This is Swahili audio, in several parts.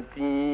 tiii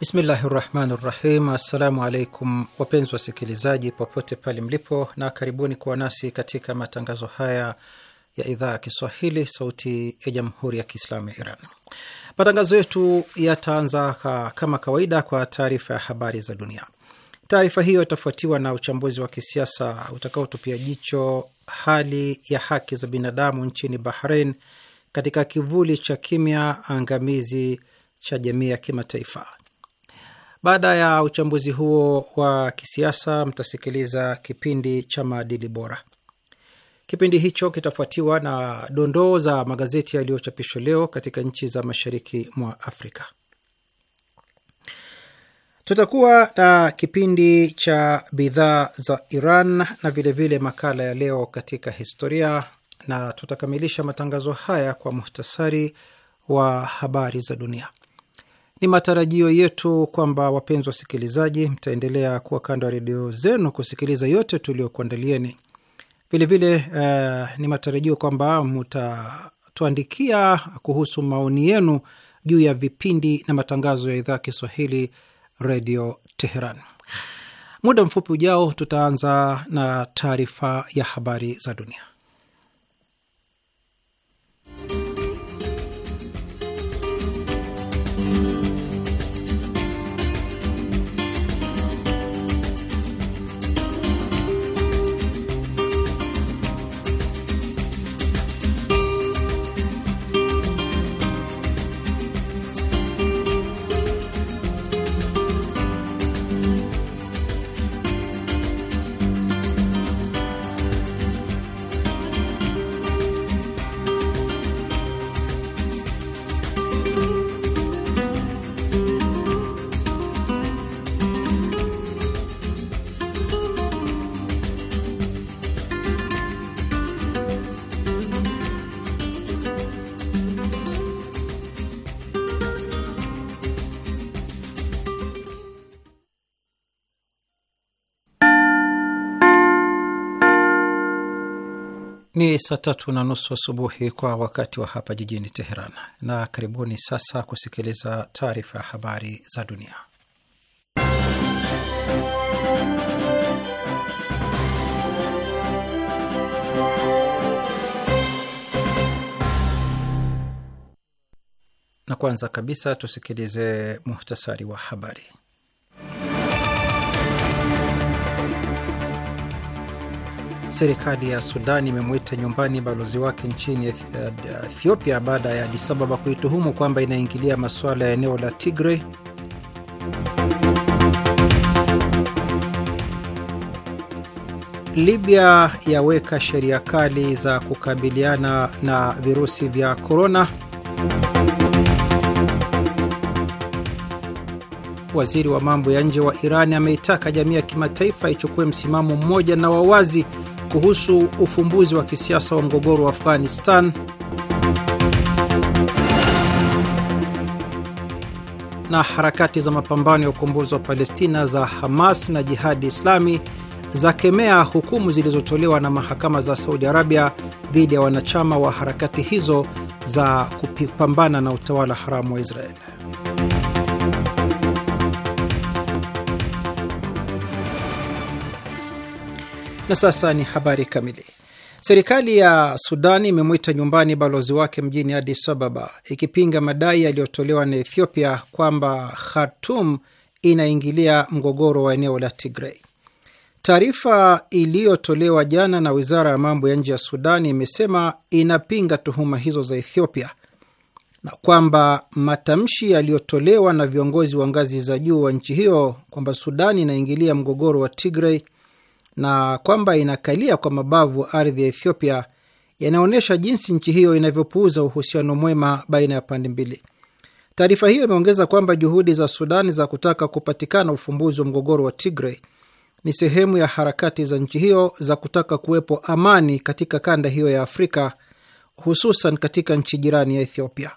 Bismillahi rahmani rahim. Assalamu alaikum wapenzi wasikilizaji popote pale mlipo, na karibuni kuwa nasi katika matangazo haya ya idhaa ya Kiswahili sauti ya jamhuri ya Kiislamu ya Iran. Matangazo yetu yataanza kama kawaida kwa taarifa ya habari za dunia. Taarifa hiyo itafuatiwa na uchambuzi wa kisiasa utakaotupia jicho hali ya haki za binadamu nchini Bahrain katika kivuli cha kimya angamizi cha jamii ya kimataifa. Baada ya uchambuzi huo wa kisiasa, mtasikiliza kipindi cha maadili bora. Kipindi hicho kitafuatiwa na dondoo za magazeti yaliyochapishwa leo katika nchi za mashariki mwa Afrika. Tutakuwa na kipindi cha bidhaa za Iran na vilevile vile makala ya leo katika historia, na tutakamilisha matangazo haya kwa muhtasari wa habari za dunia. Ni matarajio yetu kwamba wapenzi wasikilizaji, mtaendelea kuwa kando ya redio zenu kusikiliza yote tuliokuandalieni. Vilevile uh, eh, ni matarajio kwamba mtatuandikia kuhusu maoni yenu juu ya vipindi na matangazo ya idhaa Kiswahili redio Teheran. Muda mfupi ujao tutaanza na taarifa ya habari za dunia. saa tatu na nusu asubuhi kwa wakati wa hapa jijini Teheran, na karibuni sasa kusikiliza taarifa ya habari za dunia. Na kwanza kabisa tusikilize muhtasari wa habari. Serikali ya Sudan imemwita nyumbani balozi wake nchini eh, Ethiopia baada ya Addis Ababa kuituhumu kwamba inaingilia masuala ya eneo la Tigray. Libya yaweka sheria kali za kukabiliana na virusi vya korona. Waziri wa mambo ya nje wa Iran ameitaka jamii ya kimataifa ichukue msimamo mmoja na wawazi kuhusu ufumbuzi wa kisiasa wa mgogoro wa Afghanistan na harakati za mapambano ya ukombozi wa Palestina za Hamas na Jihadi Islami zakemea hukumu zilizotolewa na mahakama za Saudi Arabia dhidi ya wanachama wa harakati hizo za kupambana na utawala haramu wa Israeli. Na sasa ni habari kamili. Serikali ya Sudan imemwita nyumbani balozi wake mjini Addis Ababa ikipinga madai yaliyotolewa na Ethiopia kwamba Khartoum inaingilia mgogoro wa eneo la Tigray. Taarifa iliyotolewa jana na wizara ya mambo ya nje ya Sudan imesema inapinga tuhuma hizo za Ethiopia na kwamba matamshi yaliyotolewa na viongozi wa ngazi za juu wa nchi hiyo kwamba Sudan inaingilia mgogoro wa Tigray na kwamba inakalia kwa mabavu ardhi ya Ethiopia yanaonyesha jinsi nchi hiyo inavyopuuza uhusiano mwema baina ya pande mbili. Taarifa hiyo imeongeza kwamba juhudi za Sudani za kutaka kupatikana ufumbuzi wa mgogoro wa Tigray ni sehemu ya harakati za nchi hiyo za kutaka kuwepo amani katika kanda hiyo ya Afrika, hususan katika nchi jirani ya Ethiopia.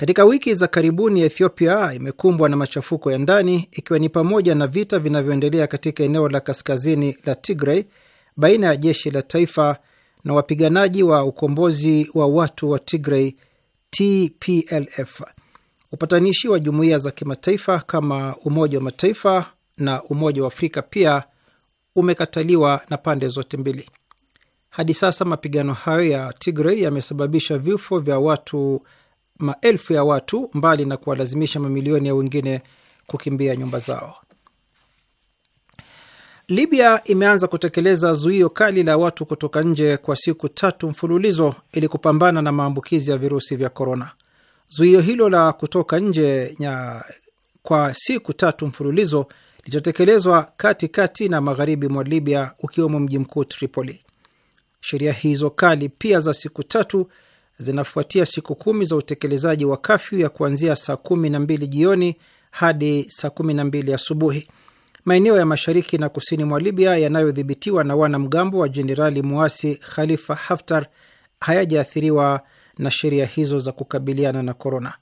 Katika wiki za karibuni Ethiopia imekumbwa na machafuko ya ndani, ikiwa ni pamoja na vita vinavyoendelea katika eneo la kaskazini la Tigray baina ya jeshi la taifa na wapiganaji wa ukombozi wa watu wa Tigray TPLF. Upatanishi wa jumuiya za kimataifa kama Umoja wa Mataifa na Umoja wa Afrika pia umekataliwa na pande zote mbili. Hadi sasa mapigano hayo ya Tigray yamesababisha vifo vya watu maelfu ya watu mbali na kuwalazimisha mamilioni ya wengine kukimbia nyumba zao. Libya imeanza kutekeleza zuio kali la watu kutoka nje kwa siku tatu mfululizo ili kupambana na maambukizi ya virusi vya korona. Zuio hilo la kutoka nje nya kwa siku tatu mfululizo litatekelezwa katikati na magharibi mwa Libya, ukiwemo mji mkuu Tripoli. Sheria hizo kali pia za siku tatu zinafuatia siku kumi za utekelezaji wa kafyu ya kuanzia saa kumi na mbili jioni hadi saa kumi na mbili asubuhi. Maeneo ya mashariki na kusini mwa Libya yanayodhibitiwa na wanamgambo wa jenerali muasi Khalifa Haftar hayajaathiriwa na sheria hizo za kukabiliana na korona.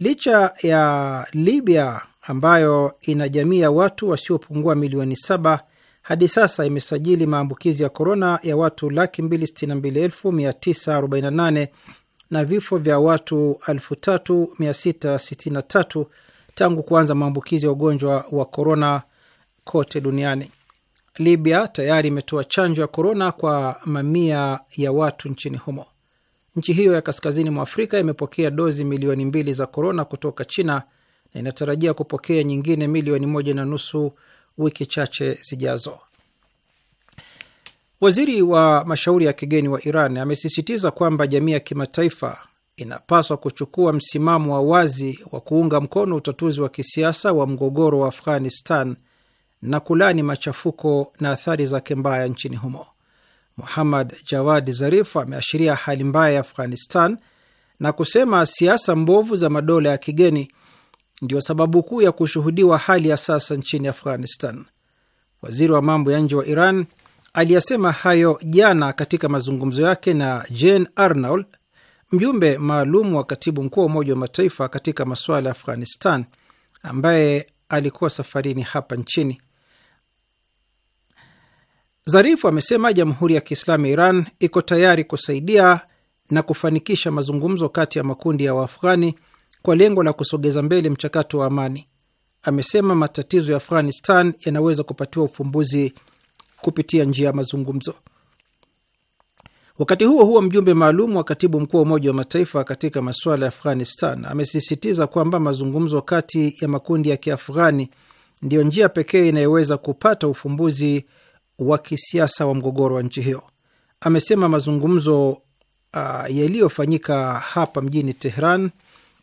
Licha ya Libya ambayo ina jamii ya watu wasiopungua milioni saba hadi sasa imesajili maambukizi ya korona ya watu laki mbili na vifo vya watu 3663 tangu kuanza maambukizi ya ugonjwa wa korona kote duniani. Libya tayari imetoa chanjo ya korona kwa mamia ya watu nchini humo. Nchi hiyo ya kaskazini mwa Afrika imepokea dozi milioni mbili za korona kutoka China na inatarajia kupokea nyingine milioni moja na nusu wiki chache zijazo. Waziri wa mashauri ya kigeni wa Iran amesisitiza kwamba jamii ya kimataifa inapaswa kuchukua msimamo wa wazi wa kuunga mkono utatuzi wa kisiasa wa mgogoro wa Afghanistan na kulani machafuko na athari zake mbaya nchini humo. Muhammad Jawad Zarif ameashiria hali mbaya ya Afghanistan na kusema siasa mbovu za madola ya kigeni ndio sababu kuu ya kushuhudiwa hali ya sasa nchini Afghanistan. Waziri wa mambo ya nje wa Iran aliyasema hayo jana katika mazungumzo yake na Jane Arnold, mjumbe maalum wa katibu mkuu wa Umoja wa Mataifa katika masuala ya Afghanistan, ambaye alikuwa safarini hapa nchini. Zarifu amesema Jamhuri ya Kiislamu ya Iran iko tayari kusaidia na kufanikisha mazungumzo kati ya makundi ya Waafghani kwa lengo la kusogeza mbele mchakato wa amani. Amesema matatizo ya Afghanistan yanaweza kupatiwa ufumbuzi kupitia njia ya mazungumzo. Wakati huo huo, mjumbe maalum wa katibu mkuu wa Umoja wa Mataifa katika masuala ya Afghanistan amesisitiza kwamba mazungumzo kati ya makundi ya Kiafghani ndiyo njia pekee inayoweza kupata ufumbuzi wa kisiasa wa mgogoro wa nchi hiyo. Amesema mazungumzo uh, yaliyofanyika hapa mjini Tehran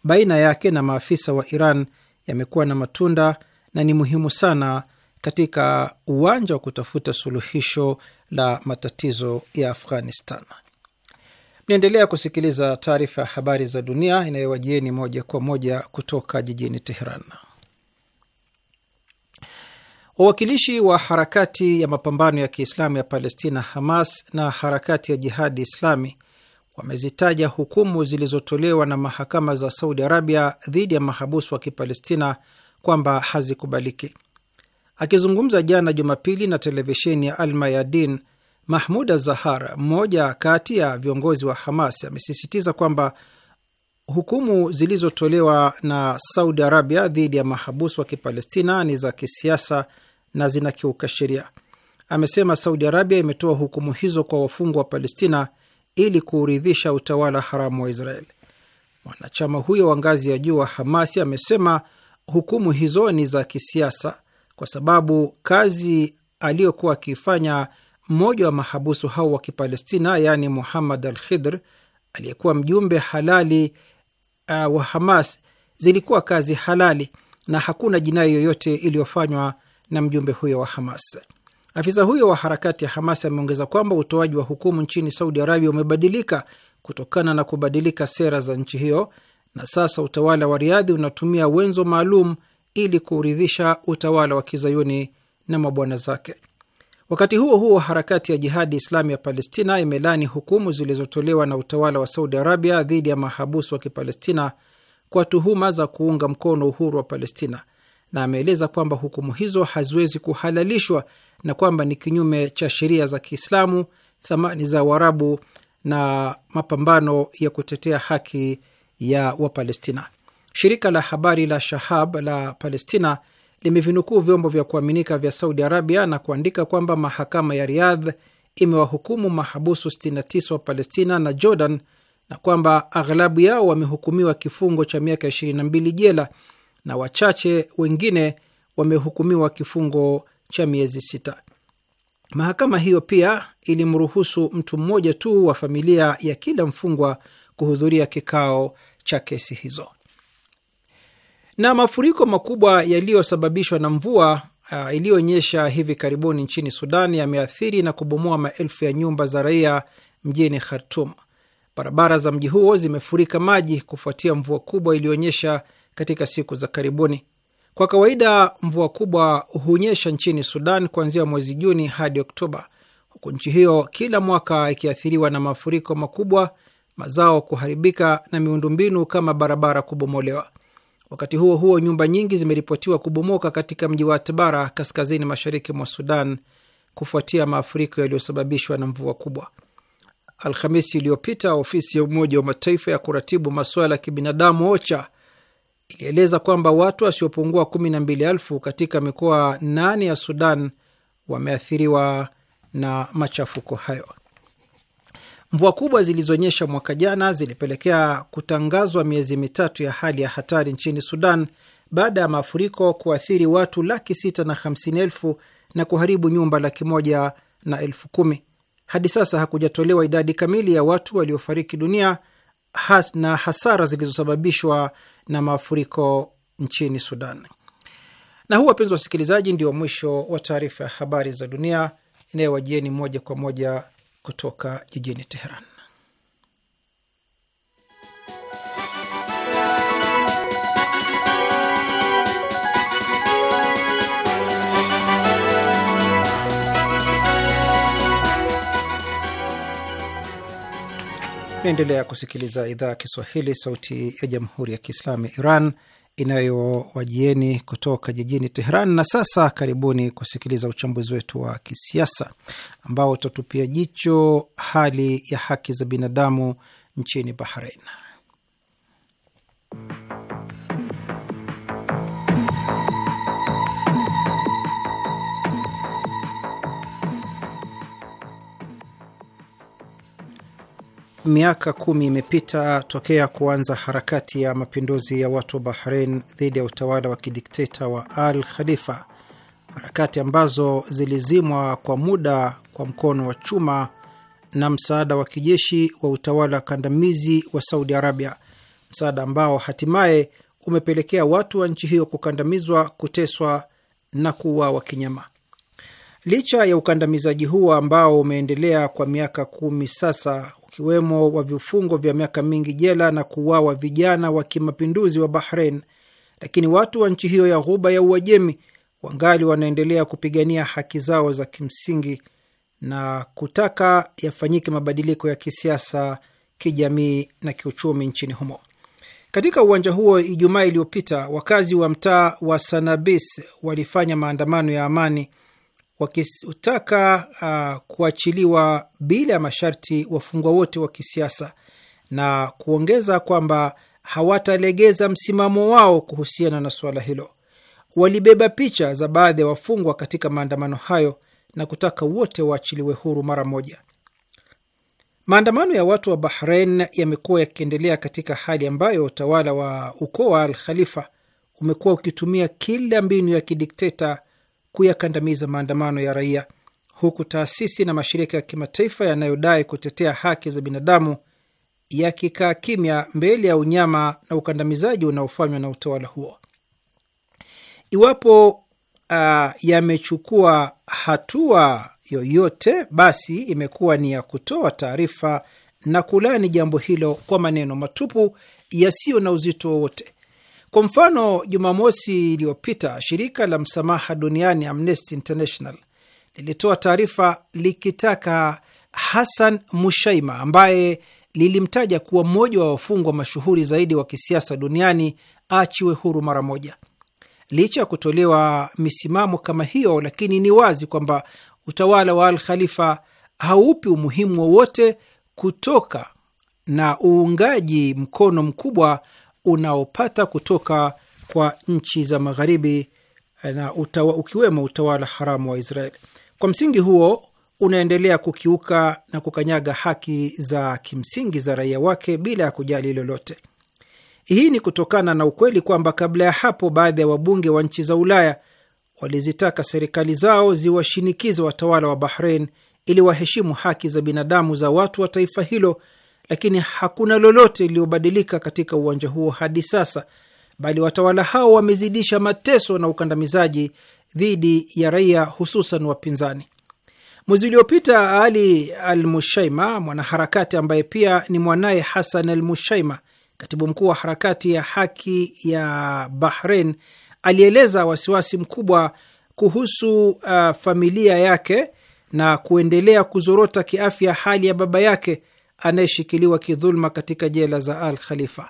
baina yake na maafisa wa Iran yamekuwa na matunda na ni muhimu sana katika uwanja wa kutafuta suluhisho la matatizo ya Afghanistan. Mnaendelea kusikiliza taarifa ya habari za dunia inayowajieni moja kwa moja kutoka jijini Teheran. Wawakilishi wa harakati ya mapambano ya Kiislamu ya Palestina, Hamas, na harakati ya Jihadi Islami wamezitaja hukumu zilizotolewa na mahakama za Saudi Arabia dhidi ya mahabusu wa Kipalestina kwamba hazikubaliki. Akizungumza jana Jumapili na televisheni ya Al Mayadin, Mahmud Azahar, mmoja kati ya viongozi wa Hamas, amesisitiza kwamba hukumu zilizotolewa na Saudi Arabia dhidi ya mahabusu wa Kipalestina ni za kisiasa na zinakiuka sheria. Amesema Saudi Arabia imetoa hukumu hizo kwa wafungwa wa Palestina ili kuuridhisha utawala haramu wa israel Mwanachama huyo wa ngazi ya juu wa Hamasi amesema hukumu hizo ni za kisiasa kwa sababu kazi aliyokuwa akifanya mmoja wa mahabusu hao wa Kipalestina, yaani Muhammad al Khidr, aliyekuwa mjumbe halali uh, wa Hamas, zilikuwa kazi halali na hakuna jinai yoyote iliyofanywa na mjumbe huyo wa Hamas. Afisa huyo wa harakati ya Hamas ameongeza kwamba utoaji wa hukumu nchini Saudi Arabia umebadilika kutokana na kubadilika sera za nchi hiyo, na sasa utawala wa Riadhi unatumia wenzo maalum ili kuuridhisha utawala wa kizayuni na mabwana zake. Wakati huo huo, harakati ya Jihadi Islami ya Palestina imelani hukumu zilizotolewa na utawala wa Saudi Arabia dhidi ya mahabusu wa Kipalestina kwa tuhuma za kuunga mkono uhuru wa Palestina na ameeleza kwamba hukumu hizo haziwezi kuhalalishwa na kwamba ni kinyume cha sheria za Kiislamu, thamani za Uarabu na mapambano ya kutetea haki ya Wapalestina. Shirika la habari la Shahab la Palestina limevinukuu vyombo vya kuaminika vya Saudi Arabia na kuandika kwamba mahakama ya Riyadh imewahukumu mahabusu 69 wa Palestina na Jordan na kwamba aghlabu yao wamehukumiwa kifungo cha miaka 22 jela na wachache wengine wamehukumiwa kifungo cha miezi sita. Mahakama hiyo pia ilimruhusu mtu mmoja tu wa familia ya kila mfungwa kuhudhuria kikao cha kesi hizo. Na mafuriko makubwa yaliyosababishwa na mvua uh, iliyonyesha hivi karibuni nchini Sudan yameathiri na kubomoa maelfu ya nyumba za raia mjini Khartum. Barabara za mji huo zimefurika maji kufuatia mvua kubwa iliyonyesha katika siku za karibuni. Kwa kawaida mvua kubwa hunyesha nchini Sudan kuanzia mwezi Juni hadi Oktoba, huku nchi hiyo kila mwaka ikiathiriwa na mafuriko makubwa, mazao kuharibika na miundombinu kama barabara kubomolewa. Wakati huo huo, nyumba nyingi zimeripotiwa kubomoka katika mji wa Tabara, kaskazini mashariki mwa Sudan, kufuatia maafuriko yaliyosababishwa na mvua kubwa. Alhamisi iliyopita, ofisi ya Umoja wa Mataifa ya kuratibu masuala ya kibinadamu OCHA ilieleza kwamba watu wasiopungua kumi na mbili elfu katika mikoa nane ya Sudan wameathiriwa na machafuko hayo. Mvua kubwa zilizonyesha mwaka jana zilipelekea kutangazwa miezi mitatu ya hali ya hatari nchini Sudan baada ya mafuriko kuathiri watu laki sita na hamsini elfu na kuharibu nyumba laki moja na elfu kumi. Hadi sasa hakujatolewa idadi kamili ya watu waliofariki dunia has na hasara zilizosababishwa na mafuriko nchini Sudan. Na huu, wapenzi wasikilizaji, ndio mwisho wa taarifa ya habari za dunia inayowajieni moja kwa moja kutoka jijini Teheran. Naendelea kusikiliza idhaa ya Kiswahili, sauti ya jamhuri ya kiislamu ya Iran inayowajieni kutoka jijini Teheran. Na sasa karibuni kusikiliza uchambuzi wetu wa kisiasa ambao utatupia jicho hali ya haki za binadamu nchini Bahrain. miaka kumi imepita tokea kuanza harakati ya mapinduzi ya watu wa Bahrein dhidi ya utawala wa kidikteta wa Al Khalifa, harakati ambazo zilizimwa kwa muda kwa mkono wa chuma na msaada wa kijeshi wa utawala wa kandamizi wa Saudi Arabia, msaada ambao hatimaye umepelekea watu wa nchi hiyo kukandamizwa, kuteswa na kuuawa kinyama. Licha ya ukandamizaji huo ambao umeendelea kwa miaka kumi sasa, wakiwemo wa vifungo vya miaka mingi jela na kuuawa vijana wa kimapinduzi wa Bahrain, lakini watu wa nchi hiyo ya Ghuba ya Uajemi wangali wanaendelea kupigania haki zao za kimsingi na kutaka yafanyike mabadiliko ya kisiasa, kijamii na kiuchumi nchini humo. Katika uwanja huo, Ijumaa iliyopita, wakazi wa mtaa wa Sanabis walifanya maandamano ya amani wakitaka uh, kuachiliwa bila ya masharti wafungwa wote wa kisiasa na kuongeza kwamba hawatalegeza msimamo wao kuhusiana na suala hilo. Walibeba picha za baadhi ya wafungwa katika maandamano hayo na kutaka wote waachiliwe huru mara moja. Maandamano ya watu wa Bahrain yamekuwa yakiendelea katika hali ambayo utawala wa ukoo wa Al Khalifa umekuwa ukitumia kila mbinu ya kidikteta kuyakandamiza maandamano ya raia, huku taasisi na mashirika ya kimataifa yanayodai kutetea haki za binadamu yakikaa kimya mbele ya unyama na ukandamizaji unaofanywa na utawala huo. Iwapo uh, yamechukua hatua yoyote, basi imekuwa ni ya kutoa taarifa na kulani jambo hilo kwa maneno matupu yasiyo na uzito wowote kwa mfano, Jumamosi iliyopita shirika la msamaha duniani Amnesty International lilitoa taarifa likitaka Hassan Mushaima ambaye lilimtaja kuwa mmoja wa wafungwa mashuhuri zaidi wa kisiasa duniani aachiwe huru mara moja. Licha ya kutolewa misimamo kama hiyo, lakini ni wazi kwamba utawala wa Al Khalifa haupi umuhimu wowote kutoka na uungaji mkono mkubwa unaopata kutoka kwa nchi za magharibi eh, na utawa, ukiwemo utawala haramu wa israel Kwa msingi huo unaendelea kukiuka na kukanyaga haki za kimsingi za raia wake bila ya kujali lolote. Hii ni kutokana na ukweli kwamba kabla ya hapo baadhi ya wabunge wa nchi za Ulaya walizitaka serikali zao ziwashinikize watawala wa Bahrein ili waheshimu haki za binadamu za watu wa taifa hilo lakini hakuna lolote lililobadilika katika uwanja huo hadi sasa, bali watawala hao wamezidisha mateso na ukandamizaji dhidi ya raia, hususan wapinzani. Mwezi uliopita Ali Al Mushaima, mwanaharakati ambaye pia ni mwanaye Hasan Al Mushaima, katibu mkuu wa harakati ya haki ya Bahrein, alieleza wasiwasi mkubwa kuhusu uh, familia yake na kuendelea kuzorota kiafya hali ya baba yake anayeshikiliwa kidhuluma katika jela za Al Khalifa.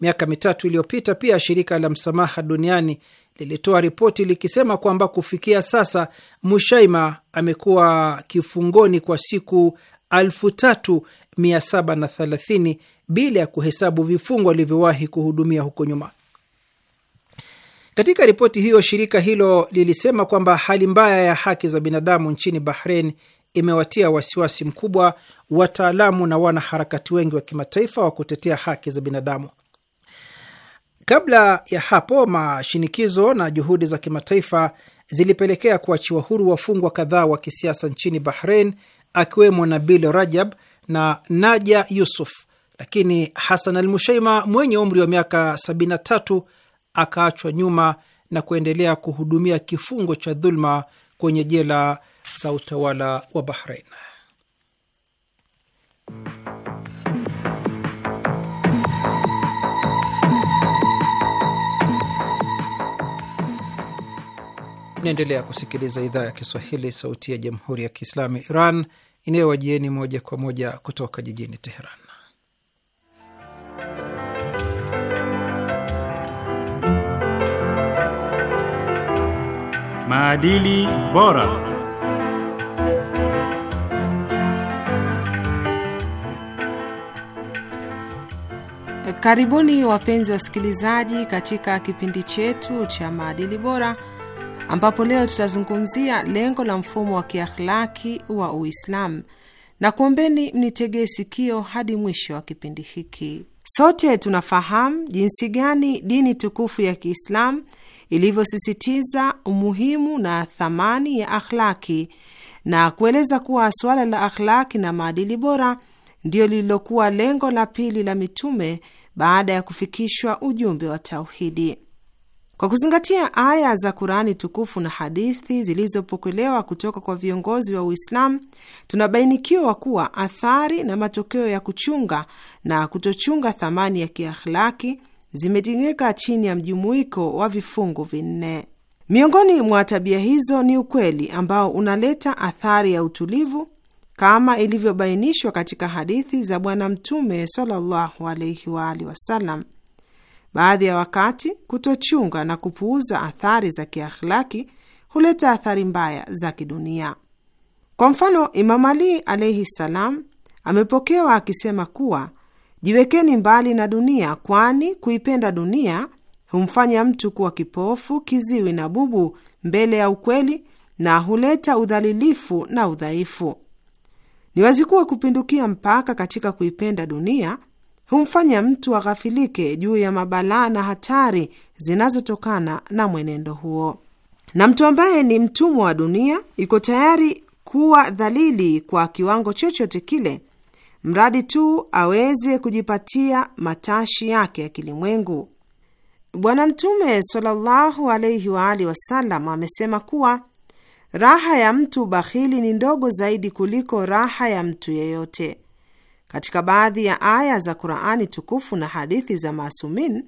Miaka mitatu iliyopita pia shirika la msamaha duniani lilitoa ripoti likisema kwamba kufikia sasa Mushaima amekuwa kifungoni kwa siku 3730 bila ya kuhesabu vifungo alivyowahi kuhudumia huko nyuma. Katika ripoti hiyo, shirika hilo lilisema kwamba hali mbaya ya haki za binadamu nchini bahrein imewatia wasiwasi mkubwa wataalamu na wanaharakati wengi wa kimataifa wa kutetea haki za binadamu. Kabla ya hapo, mashinikizo na juhudi za kimataifa zilipelekea kuachiwa huru wafungwa kadhaa wa kisiasa nchini Bahrain, akiwemo Nabil Rajab na Naja Yusuf, lakini Hasan al Musheima mwenye umri wa miaka 73 akaachwa nyuma na kuendelea kuhudumia kifungo cha dhuluma kwenye jela za utawala wa Bahrain. Naendelea kusikiliza idhaa ya Kiswahili, sauti ya jamhuri ya kiislamu Iran inayowajieni moja kwa moja kutoka jijini Teheran. Maadili bora. Karibuni wapenzi wasikilizaji, katika kipindi chetu cha maadili bora, ambapo leo tutazungumzia lengo la mfumo wa kiakhlaki wa Uislamu na kuombeni mnitegee sikio hadi mwisho wa kipindi hiki. Sote tunafahamu jinsi gani dini tukufu ya Kiislamu ilivyosisitiza umuhimu na thamani ya akhlaki na kueleza kuwa suala la akhlaki na maadili bora ndiyo lililokuwa lengo la pili la mitume baada ya kufikishwa ujumbe wa tauhidi. Kwa kuzingatia aya za Kurani tukufu na hadithi zilizopokelewa kutoka kwa viongozi wa Uislamu, tunabainikiwa kuwa athari na matokeo ya kuchunga na kutochunga thamani ya kiakhlaki zimetingika chini ya mjumuiko wa vifungu vinne. Miongoni mwa tabia hizo ni ukweli ambao unaleta athari ya utulivu kama ilivyobainishwa katika hadithi za Bwana Mtume sallallahu alaihi wa alihi wasallam. Baadhi ya wakati kutochunga na kupuuza athari za kiakhlaki huleta athari mbaya za kidunia. Kwa mfano, Imam Ali alaihi salam amepokewa akisema kuwa jiwekeni mbali na dunia, kwani kuipenda dunia humfanya mtu kuwa kipofu, kiziwi na bubu mbele ya ukweli na huleta udhalilifu na udhaifu. Ni wazi kuwa kupindukia mpaka katika kuipenda dunia humfanya mtu aghafilike juu ya mabalaa na hatari zinazotokana na mwenendo huo, na mtu ambaye ni mtumwa wa dunia iko tayari kuwa dhalili kwa kiwango chochote kile, mradi tu aweze kujipatia matashi yake ya kilimwengu. Bwana Mtume sallallahu alaihi waalihi wasallam amesema kuwa Raha ya mtu bakhili ni ndogo zaidi kuliko raha ya mtu yeyote. Katika baadhi ya aya za Qur'ani tukufu na hadithi za masumin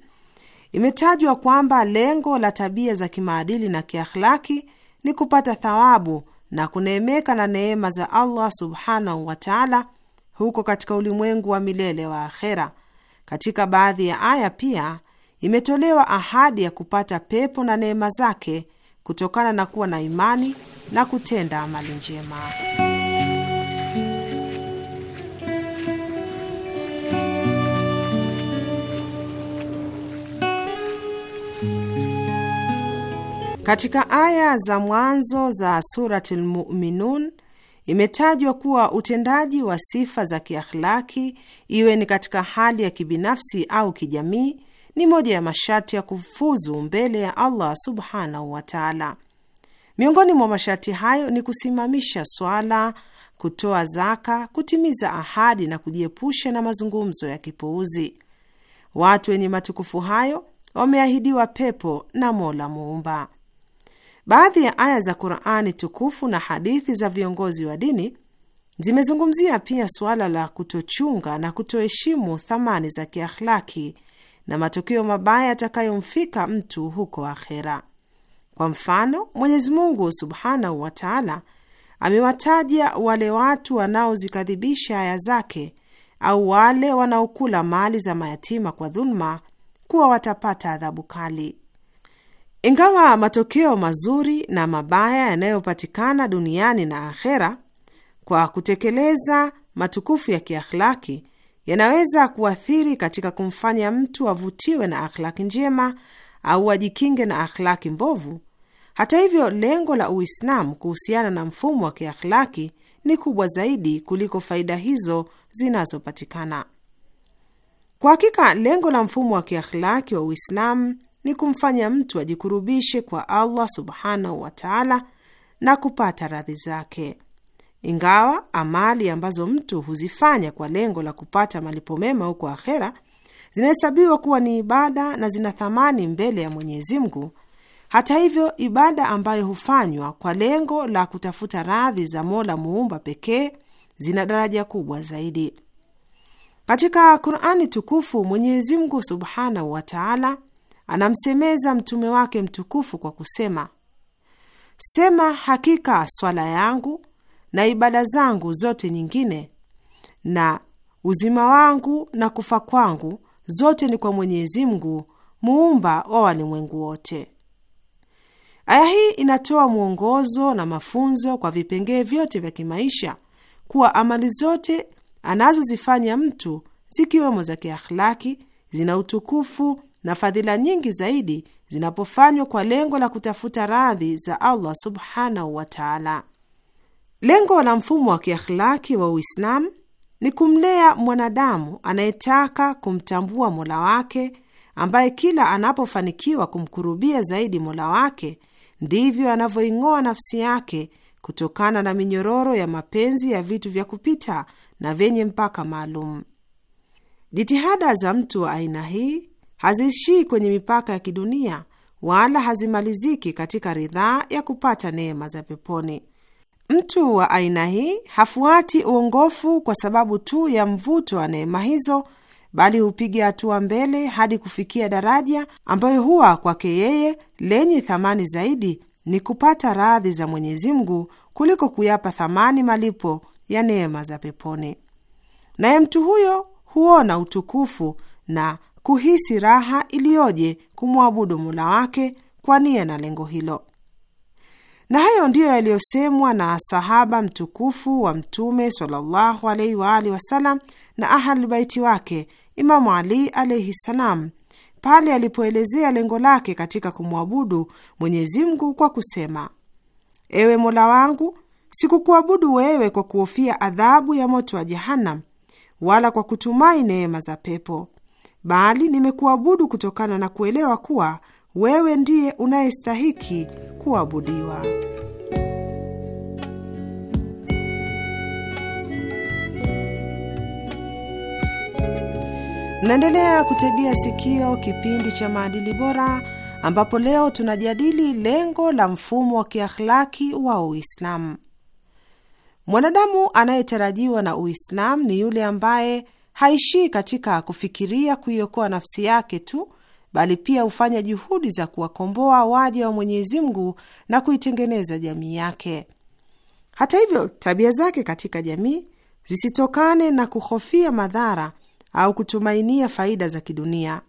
imetajwa kwamba lengo la tabia za kimaadili na kiakhlaki ni kupata thawabu na kuneemeka na neema za Allah subhanahu wa taala huko katika ulimwengu wa milele wa akhera. Katika baadhi ya aya pia imetolewa ahadi ya kupata pepo na neema zake kutokana na kuwa na imani na kutenda amali njema. Katika aya za mwanzo za Surat Lmuminun imetajwa kuwa utendaji wa sifa za kiakhlaki, iwe ni katika hali ya kibinafsi au kijamii, ni moja ya masharti ya kufuzu mbele ya Allah subhanahu wa taala. Miongoni mwa masharti hayo ni kusimamisha swala, kutoa zaka, kutimiza ahadi na kujiepusha na mazungumzo ya kipuuzi. Watu wenye matukufu hayo wameahidiwa pepo na Mola Muumba. Baadhi ya aya za Qur'ani tukufu na hadithi za viongozi wa dini zimezungumzia pia suala la kutochunga na kutoheshimu thamani za kiakhlaki na matokeo mabaya yatakayomfika mtu huko akhera. Kwa mfano, Mwenyezi Mungu subhanahu wa taala amewataja wale watu wanaozikadhibisha aya zake au wale wanaokula mali za mayatima kwa dhuluma kuwa watapata adhabu kali. Ingawa matokeo mazuri na mabaya yanayopatikana duniani na akhera kwa kutekeleza matukufu ya kiakhlaki yanaweza kuathiri katika kumfanya mtu avutiwe na akhlaki njema au ajikinge na akhlaki mbovu. Hata hivyo, lengo la Uislamu kuhusiana na mfumo wa kiakhlaki ni kubwa zaidi kuliko faida hizo zinazopatikana. Kwa hakika, lengo la mfumo wa kiakhlaki wa Uislamu ni kumfanya mtu ajikurubishe kwa Allah subhanahu wa taala na kupata radhi zake. Ingawa amali ambazo mtu huzifanya kwa lengo la kupata malipo mema huko akhera zinahesabiwa kuwa ni ibada na zina thamani mbele ya Mwenyezi Mungu, hata hivyo, ibada ambayo hufanywa kwa lengo la kutafuta radhi za Mola muumba pekee zina daraja kubwa zaidi. Katika Qurani Tukufu, Mwenyezi Mungu subhanahu wa taala anamsemeza mtume wake mtukufu kwa kusema: sema, hakika swala yangu na ibada zangu zote nyingine, na uzima wangu na kufa kwangu zote ni kwa Mwenyezi Mungu, muumba wa walimwengu wote. Aya hii inatoa mwongozo na mafunzo kwa vipengee vyote vya kimaisha kuwa amali zote anazozifanya mtu zikiwemo za kiakhlaki zina utukufu na fadhila nyingi zaidi zinapofanywa kwa lengo la kutafuta radhi za Allah subhanahu wa taala. Lengo la mfumo wa kiakhlaki wa Uislamu ni kumlea mwanadamu anayetaka kumtambua mola wake, ambaye kila anapofanikiwa kumkurubia zaidi mola wake ndivyo anavyoing'oa nafsi yake kutokana na minyororo ya mapenzi ya vitu vya kupita na vyenye mpaka maalum. Jitihada za mtu wa aina hii haziishii kwenye mipaka ya kidunia wala hazimaliziki katika ridhaa ya kupata neema za peponi. Mtu wa aina hii hafuati uongofu kwa sababu tu ya mvuto wa neema hizo, bali hupiga hatua mbele hadi kufikia daraja ambayo huwa kwake yeye lenye thamani zaidi ni kupata radhi za Mwenyezi Mungu kuliko kuyapa thamani malipo ya neema za peponi. Naye mtu huyo huona utukufu na kuhisi raha iliyoje kumwabudu mula wake kwa nia na lengo hilo. Na hayo ndiyo yaliyosemwa na sahaba mtukufu wa Mtume sallallahu alaihi wa alihi wasallam na ahalbaiti wake Imamu Ali alaihi salam pale alipoelezea lengo lake katika kumwabudu Mwenyezi Mungu kwa kusema: ewe Mola wangu, sikukuabudu wewe kwa kuhofia adhabu ya moto wa jehanam wala kwa kutumai neema za pepo, bali nimekuabudu kutokana na kuelewa kuwa wewe ndiye unayestahiki kuabudiwa. Naendelea kutegea sikio kipindi cha maadili bora, ambapo leo tunajadili lengo la mfumo wa kiakhlaki wa Uislamu. Mwanadamu anayetarajiwa na Uislamu ni yule ambaye haishii katika kufikiria kuiokoa nafsi yake tu bali pia hufanya juhudi za kuwakomboa waja wa Mwenyezi Mungu na kuitengeneza jamii yake. Hata hivyo, tabia zake katika jamii zisitokane na kuhofia madhara au kutumainia faida za kidunia.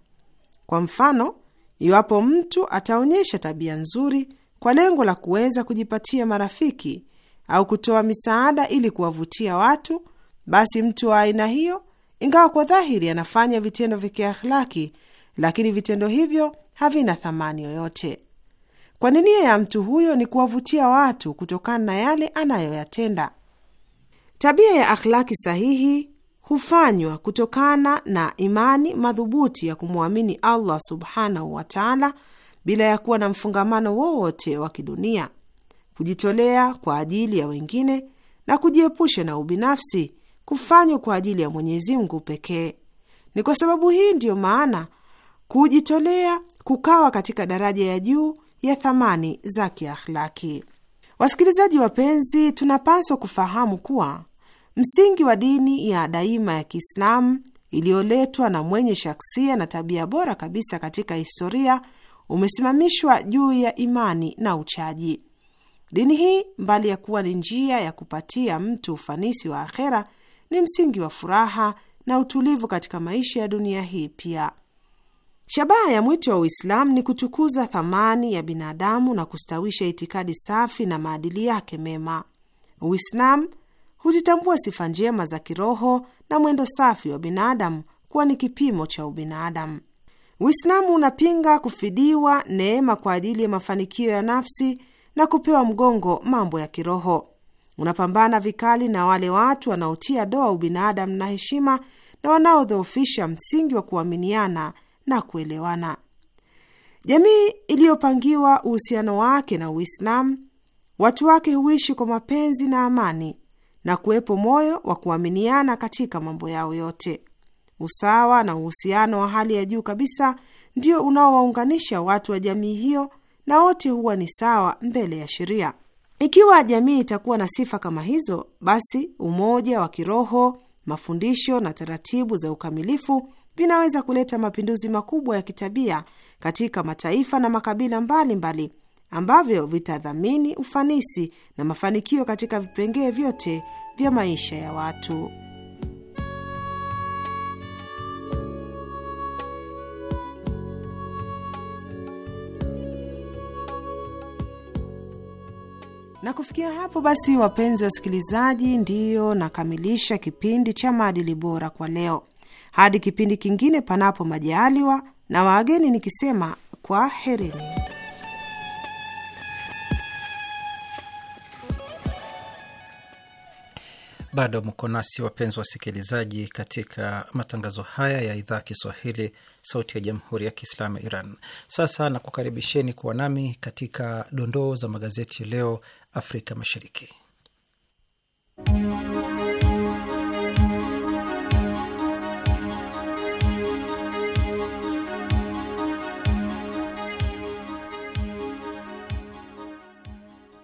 Kwa mfano, iwapo mtu ataonyesha tabia nzuri kwa lengo la kuweza kujipatia marafiki au kutoa misaada ili kuwavutia watu, basi mtu wa aina hiyo, ingawa kwa dhahiri anafanya vitendo vya kiakhlaki lakini vitendo hivyo havina thamani yoyote, kwani nia ya mtu huyo ni kuwavutia watu kutokana na yale anayoyatenda. Tabia ya akhlaki sahihi hufanywa kutokana na imani madhubuti ya kumwamini Allah subhanahu wa taala, bila ya kuwa na mfungamano wowote wa kidunia, kujitolea kwa ajili ya wengine na kujiepusha na ubinafsi, kufanywa kwa ajili ya Mwenyezi Mungu pekee. Ni kwa sababu hii ndiyo maana kujitolea kukawa katika daraja ya juu ya thamani za kiakhlaki. Wasikilizaji wapenzi, tunapaswa kufahamu kuwa msingi wa dini ya daima ya Kiislamu iliyoletwa na mwenye shaksia na tabia bora kabisa katika historia umesimamishwa juu ya imani na uchaji. Dini hii mbali ya kuwa ni njia ya kupatia mtu ufanisi wa akhera, ni msingi wa furaha na utulivu katika maisha ya dunia hii pia. Shabaha ya mwito wa Uislamu ni kutukuza thamani ya binadamu na kustawisha itikadi safi na maadili yake mema. Uislamu huzitambua sifa njema za kiroho na mwendo safi wa binadamu kuwa ni kipimo cha ubinadamu. Uislamu unapinga kufidiwa neema kwa ajili ya mafanikio ya nafsi na kupewa mgongo mambo ya kiroho. Unapambana vikali na wale watu wanaotia doa ubinadamu na heshima na wanaodhoofisha msingi wa kuaminiana na kuelewana. Jamii iliyopangiwa uhusiano wake na Uislamu, watu wake huishi kwa mapenzi na amani na kuwepo moyo wa kuaminiana katika mambo yao yote. Usawa na uhusiano wa hali ya juu kabisa ndio unaowaunganisha watu wa jamii hiyo, na wote huwa ni sawa mbele ya sheria. Ikiwa jamii itakuwa na sifa kama hizo, basi umoja wa kiroho, mafundisho na taratibu za ukamilifu vinaweza kuleta mapinduzi makubwa ya kitabia katika mataifa na makabila mbalimbali mbali, ambavyo vitadhamini ufanisi na mafanikio katika vipengee vyote vya maisha ya watu. Na kufikia hapo basi, wapenzi wasikilizaji, ndiyo nakamilisha kipindi cha maadili bora kwa leo. Hadi kipindi kingine, panapo majaaliwa na waageni nikisema kwa hereni. Bado mko nasi wapenzi wasikilizaji, katika matangazo haya ya idhaa Kiswahili, sauti ya jamhuri ya kiislamu ya Iran. Sasa nakukaribisheni kuwa nami katika dondoo za magazeti leo Afrika Mashariki.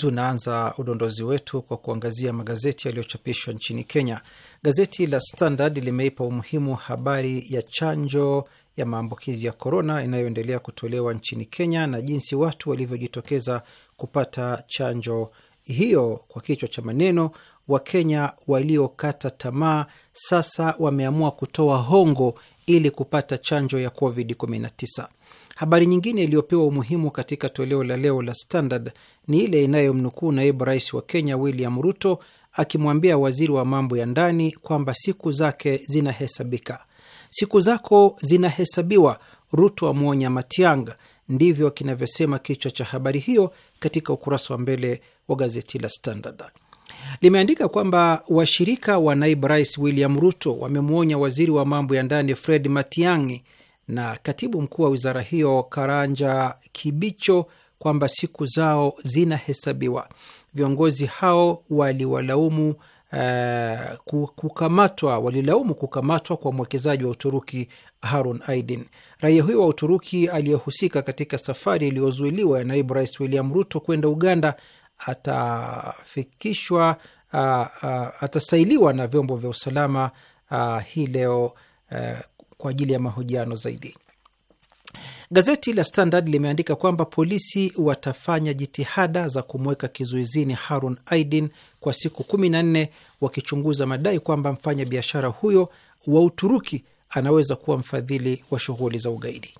Tunaanza udondozi wetu kwa kuangazia magazeti yaliyochapishwa nchini Kenya. Gazeti la Standard limeipa umuhimu habari ya chanjo ya maambukizi ya korona inayoendelea kutolewa nchini Kenya na jinsi watu walivyojitokeza kupata chanjo hiyo kwa kichwa cha maneno, Wakenya waliokata tamaa sasa wameamua kutoa hongo ili kupata chanjo ya COVID-19. Habari nyingine iliyopewa umuhimu katika toleo la leo la Standard ni ile inayomnukuu naibu rais wa Kenya William Ruto akimwambia waziri wa mambo ya ndani kwamba siku zake zinahesabika. Siku zako zinahesabiwa, Ruto amwonya Matiang'i. Ndivyo kinavyosema kichwa cha habari hiyo katika ukurasa wa mbele wa gazeti la Standard. Limeandika kwamba washirika wa naibu rais William Ruto wamemwonya waziri wa mambo ya ndani Fred Matiang'i na katibu mkuu wa wizara hiyo Karanja Kibicho kwamba siku zao zinahesabiwa. Viongozi hao waliwalaumu Uh, kukamatwa walilaumu kukamatwa kwa mwekezaji wa Uturuki Harun Aidin. Raia huyo wa Uturuki aliyehusika katika safari iliyozuiliwa ya naibu rais William Ruto kwenda Uganda atafikishwa, uh, uh, atasailiwa na vyombo vya usalama uh, hii leo uh, kwa ajili ya mahojiano zaidi. Gazeti la Standard limeandika kwamba polisi watafanya jitihada za kumweka kizuizini Harun Aidin kwa siku kumi na nne wakichunguza madai kwamba mfanya biashara huyo wa Uturuki anaweza kuwa mfadhili wa shughuli za ugaidi.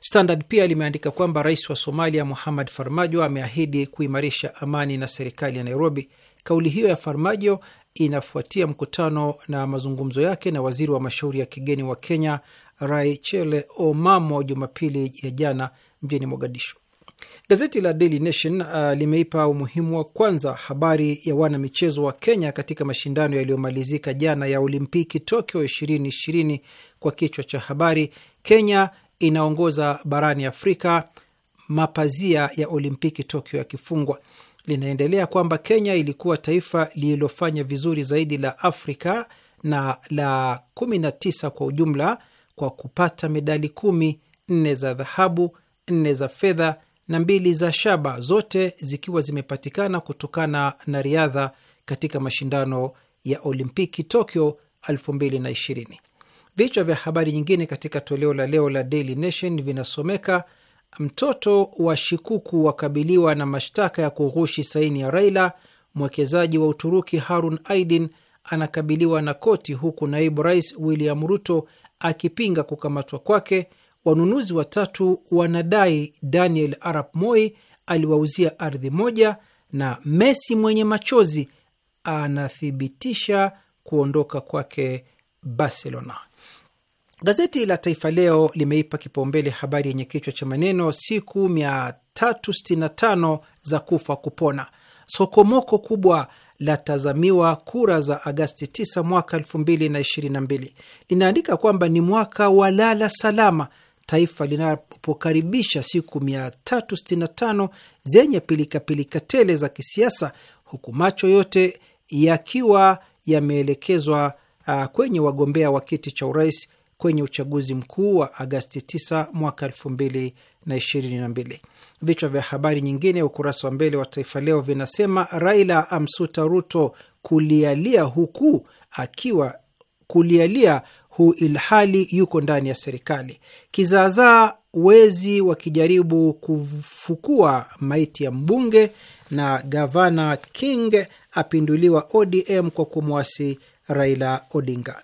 Standard pia limeandika kwamba rais wa Somalia Muhammad Farmajo ameahidi kuimarisha amani na serikali ya Nairobi. Kauli hiyo ya Farmajo inafuatia mkutano na mazungumzo yake na waziri wa mashauri ya kigeni wa Kenya Raichele Omamo Jumapili ya jana mjini Mogadishu. Gazeti la Daily Nation uh, limeipa umuhimu wa kwanza habari ya wanamichezo wa Kenya katika mashindano yaliyomalizika jana ya Olimpiki Tokyo 2020 kwa kichwa cha habari, Kenya inaongoza barani Afrika, mapazia ya Olimpiki Tokyo yakifungwa linaendelea kwamba Kenya ilikuwa taifa lililofanya vizuri zaidi la Afrika na la 19 kwa ujumla kwa kupata medali kumi, nne za dhahabu, nne za fedha na mbili za shaba, zote zikiwa zimepatikana kutokana na riadha katika mashindano ya Olimpiki Tokyo 2020. Vichwa vya habari nyingine katika toleo la leo la Daily Nation vinasomeka mtoto wa Shikuku wakabiliwa na mashtaka ya kughushi saini ya Raila. Mwekezaji wa Uturuki Harun Aidin anakabiliwa na koti, huku naibu rais William Ruto akipinga kukamatwa kwake. Wanunuzi watatu wanadai Daniel Arap Moi aliwauzia ardhi moja, na Messi mwenye machozi anathibitisha kuondoka kwake Barcelona. Gazeti la Taifa Leo limeipa kipaumbele habari yenye kichwa cha maneno siku 365 za kufa kupona, sokomoko kubwa latazamiwa kura za Agasti 9 mwaka 2022. Linaandika kwamba ni mwaka wa lala salama taifa linapokaribisha siku 365 zenye pilikapilika tele za kisiasa, huku macho yote yakiwa yameelekezwa uh, kwenye wagombea wa kiti cha urais kwenye uchaguzi mkuu wa Agasti 9 mwaka 2022. Vichwa vya habari nyingine ya ukurasa wa mbele wa Taifa Leo vinasema Raila amsuta Ruto kulialia huku akiwa kulialia hu ilhali yuko ndani ya serikali. Kizaazaa wezi wakijaribu kufukua maiti ya mbunge, na gavana King apinduliwa ODM kwa kumwasi Raila Odinga.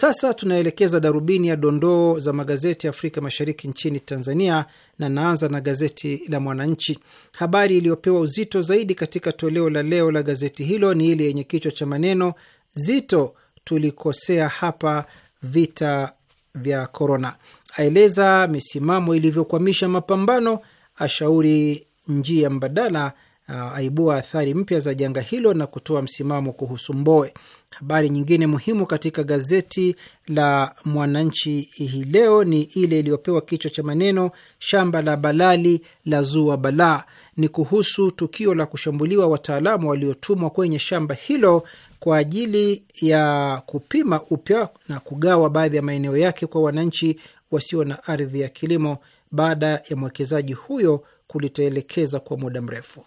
Sasa tunaelekeza darubini ya dondoo za magazeti ya Afrika Mashariki nchini Tanzania, na naanza na gazeti la Mwananchi. Habari iliyopewa uzito zaidi katika toleo la leo la gazeti hilo ni ile yenye kichwa cha maneno Zito, tulikosea hapa, vita vya korona, aeleza misimamo ilivyokwamisha mapambano, ashauri njia mbadala, uh, aibua athari mpya za janga hilo na kutoa msimamo kuhusu Mbowe. Habari nyingine muhimu katika gazeti la Mwananchi hii leo ni ile iliyopewa kichwa cha maneno shamba la balali la zua balaa. Ni kuhusu tukio la kushambuliwa wataalamu waliotumwa kwenye shamba hilo kwa ajili ya kupima upya na kugawa baadhi ya maeneo yake kwa wananchi wasio na ardhi ya kilimo baada ya mwekezaji huyo kulitelekeza kwa muda mrefu.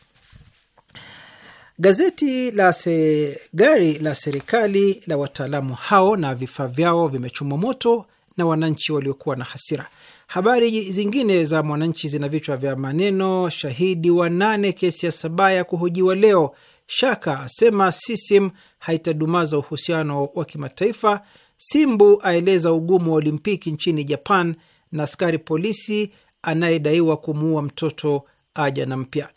Gazeti la se, gari la serikali la wataalamu hao na vifaa vyao vimechomwa moto na wananchi waliokuwa na hasira. Habari zingine za Mwananchi zina vichwa vya maneno: shahidi wa nane kesi ya Sabaya kuhojiwa leo, Shaka asema CCM haitadumaza uhusiano wa kimataifa, Simbu aeleza ugumu wa Olimpiki nchini Japan, na askari polisi anayedaiwa kumuua mtoto aja na mpya.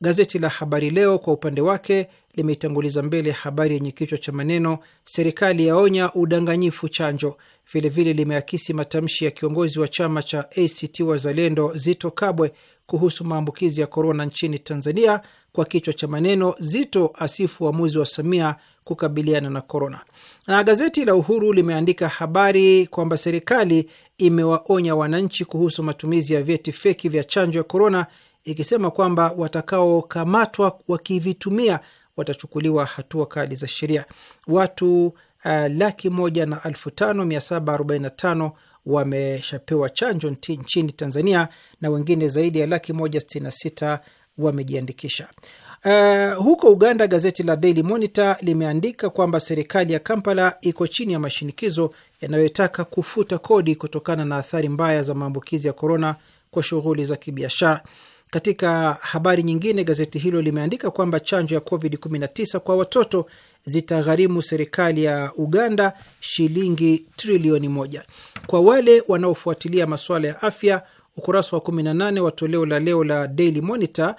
Gazeti la Habari Leo kwa upande wake limeitanguliza mbele habari yenye kichwa cha maneno serikali yaonya udanganyifu chanjo. Vilevile limeakisi matamshi ya kiongozi wa chama cha ACT Wazalendo Zito Kabwe kuhusu maambukizi ya korona nchini Tanzania kwa kichwa cha maneno Zito asifu uamuzi wa Samia kukabiliana na korona. Na gazeti la Uhuru limeandika habari kwamba serikali imewaonya wananchi kuhusu matumizi ya vyeti feki vya chanjo ya korona ikisema kwamba watakaokamatwa wakivitumia watachukuliwa hatua kali za sheria. Watu uh, laki moja na elfu tano mia saba arobaini na tano wameshapewa chanjo nchini Tanzania na wengine zaidi ya laki moja sitini na sita wamejiandikisha. Uh, huko Uganda gazeti la Daily Monitor limeandika kwamba serikali ya Kampala iko chini ya mashinikizo yanayotaka kufuta kodi kutokana na athari mbaya za maambukizi ya korona kwa shughuli za kibiashara. Katika habari nyingine, gazeti hilo limeandika kwamba chanjo ya COVID-19 kwa watoto zitagharimu serikali ya Uganda shilingi trilioni moja. Kwa wale wanaofuatilia masuala ya afya, ukurasa wa 18 wa toleo la leo la Daily Monitor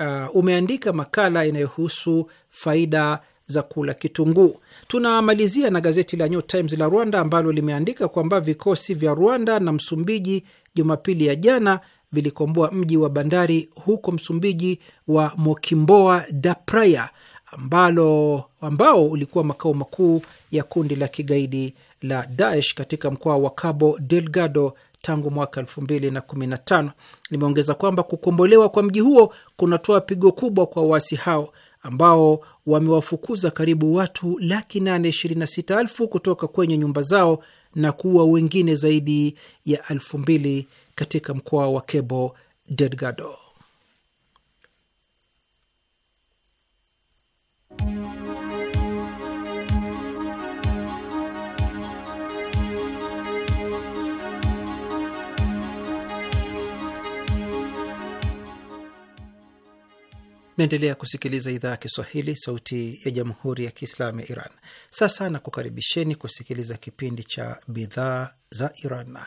uh, umeandika makala inayohusu faida za kula kitunguu. Tunamalizia na gazeti la New Times la Rwanda ambalo limeandika kwamba vikosi vya Rwanda na Msumbiji Jumapili ya jana vilikomboa mji wa bandari huko Msumbiji wa mokimboa da Praia ambalo, ambao ulikuwa makao makuu ya kundi la kigaidi la Daesh katika mkoa wa Cabo Delgado tangu mwaka 215 Limeongeza kwamba kukombolewa kwa mji huo kunatoa pigo kubwa kwa waasi hao ambao wamewafukuza karibu watu laki nane ishirini na sita elfu kutoka kwenye nyumba zao na kuua wengine zaidi ya elfu mbili katika mkoa wa Cabo Delgado. Naendelea kusikiliza idhaa ya Kiswahili, sauti ya jamhuri ya kiislamu ya Iran. Sasa nakukaribisheni kusikiliza kipindi cha bidhaa za Iran.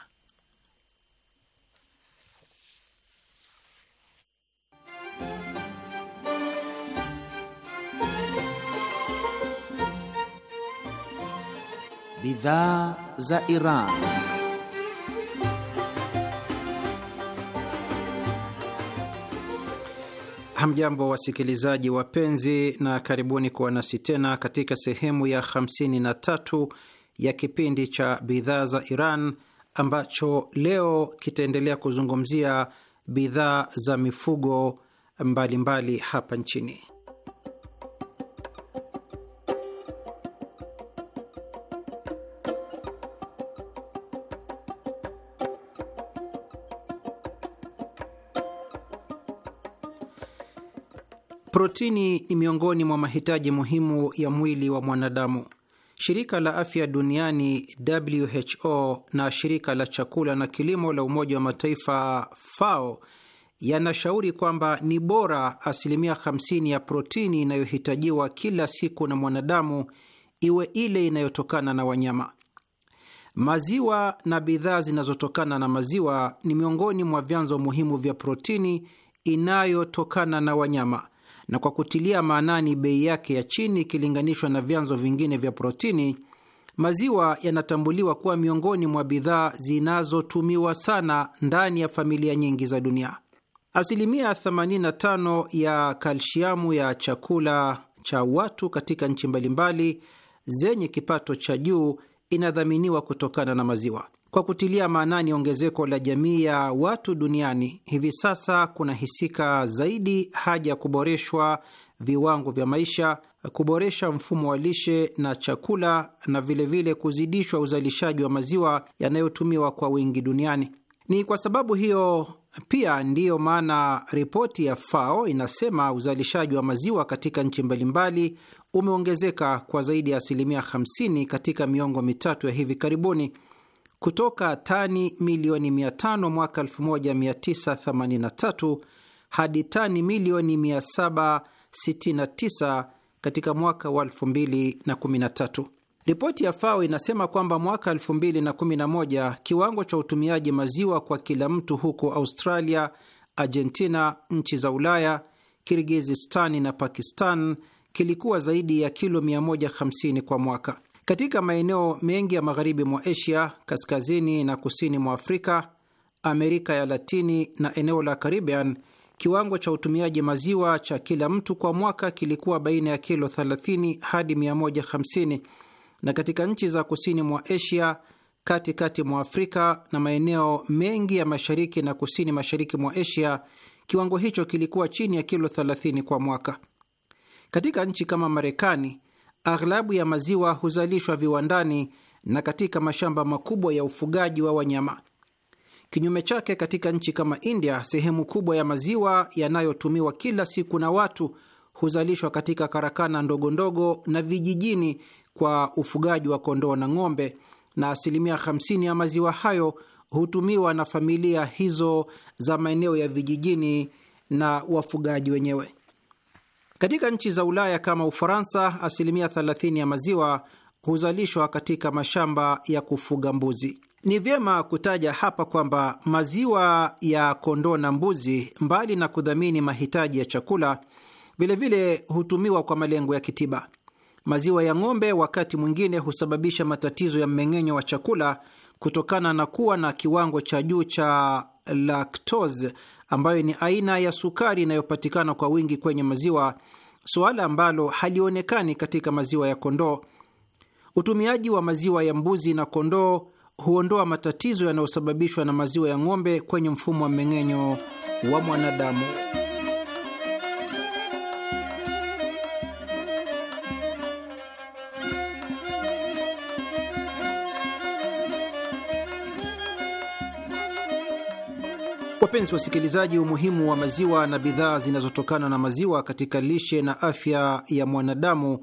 bidhaa za Iran. Hamjambo wasikilizaji wapenzi, na karibuni kuwa nasi tena katika sehemu ya 53 ya kipindi cha bidhaa za Iran ambacho leo kitaendelea kuzungumzia bidhaa za mifugo mbalimbali mbali hapa nchini. Protini ni miongoni mwa mahitaji muhimu ya mwili wa mwanadamu. Shirika la Afya Duniani WHO na shirika la chakula na kilimo la Umoja wa Mataifa FAO yanashauri kwamba ni bora asilimia 50 ya protini inayohitajiwa kila siku na mwanadamu iwe ile inayotokana na wanyama. Maziwa na bidhaa zinazotokana na maziwa ni miongoni mwa vyanzo muhimu vya protini inayotokana na wanyama na kwa kutilia maanani bei yake ya chini ikilinganishwa na vyanzo vingine vya protini, maziwa yanatambuliwa kuwa miongoni mwa bidhaa zinazotumiwa sana ndani ya familia nyingi za dunia. Asilimia 85 ya kalsiamu ya chakula cha watu katika nchi mbalimbali zenye kipato cha juu inadhaminiwa kutokana na maziwa. Kwa kutilia maanani ongezeko la jamii ya watu duniani, hivi sasa kuna hisika zaidi haja ya kuboreshwa viwango vya maisha, kuboresha mfumo wa lishe na chakula, na vilevile kuzidishwa uzalishaji wa maziwa yanayotumiwa kwa wingi duniani. Ni kwa sababu hiyo pia ndiyo maana ripoti ya FAO inasema uzalishaji wa maziwa katika nchi mbalimbali umeongezeka kwa zaidi ya asilimia 50 katika miongo mitatu ya hivi karibuni kutoka tani milioni 500 mwaka 1983 hadi tani milioni 769 katika mwaka wa 2013. Ripoti ya FAO inasema kwamba mwaka 2011 kiwango cha utumiaji maziwa kwa kila mtu huko Australia, Argentina, nchi za Ulaya, Kirgizistani na Pakistan kilikuwa zaidi ya kilo 150 kwa mwaka. Katika maeneo mengi ya magharibi mwa Asia, kaskazini na kusini mwa Afrika, Amerika ya Latini na eneo la Caribbean, kiwango cha utumiaji maziwa cha kila mtu kwa mwaka kilikuwa baina ya kilo 30 hadi 150, na katika nchi za kusini mwa Asia, katikati kati mwa Afrika na maeneo mengi ya mashariki na kusini mashariki mwa Asia, kiwango hicho kilikuwa chini ya kilo 30 kwa mwaka. Katika nchi kama Marekani Aghlabu ya maziwa huzalishwa viwandani na katika mashamba makubwa ya ufugaji wa wanyama. Kinyume chake, katika nchi kama India, sehemu kubwa ya maziwa yanayotumiwa kila siku na watu huzalishwa katika karakana ndogo ndogo na vijijini kwa ufugaji wa kondoo na ng'ombe, na asilimia 50 ya maziwa hayo hutumiwa na familia hizo za maeneo ya vijijini na wafugaji wenyewe. Katika nchi za Ulaya kama Ufaransa, asilimia 30 ya maziwa huzalishwa katika mashamba ya kufuga mbuzi. Ni vyema kutaja hapa kwamba maziwa ya kondoo na mbuzi, mbali na kudhamini mahitaji ya chakula, vilevile hutumiwa kwa malengo ya kitiba. Maziwa ya ng'ombe wakati mwingine husababisha matatizo ya mmeng'enyo wa chakula kutokana na kuwa na kiwango cha juu cha lactose ambayo ni aina ya sukari inayopatikana kwa wingi kwenye maziwa, suala ambalo halionekani katika maziwa ya kondoo. Utumiaji wa maziwa ya mbuzi na kondoo huondoa matatizo yanayosababishwa na maziwa ya ng'ombe kwenye mfumo wa mmeng'enyo wa mwanadamu. Wapenzi wasikilizaji, umuhimu wa maziwa na bidhaa zinazotokana na maziwa katika lishe na afya ya mwanadamu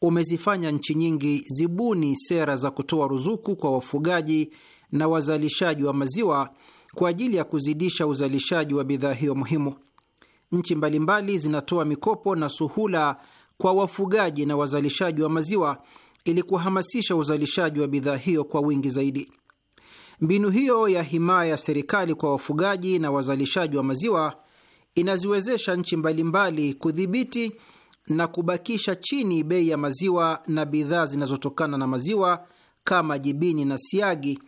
umezifanya nchi nyingi zibuni sera za kutoa ruzuku kwa wafugaji na wazalishaji wa maziwa kwa ajili ya kuzidisha uzalishaji wa bidhaa hiyo muhimu. Nchi mbalimbali zinatoa mikopo na suhula kwa wafugaji na wazalishaji wa maziwa ili kuhamasisha uzalishaji wa bidhaa hiyo kwa wingi zaidi. Mbinu hiyo ya himaya ya serikali kwa wafugaji na wazalishaji wa maziwa inaziwezesha nchi mbalimbali kudhibiti na kubakisha chini bei ya maziwa na bidhaa zinazotokana na maziwa kama jibini na siagi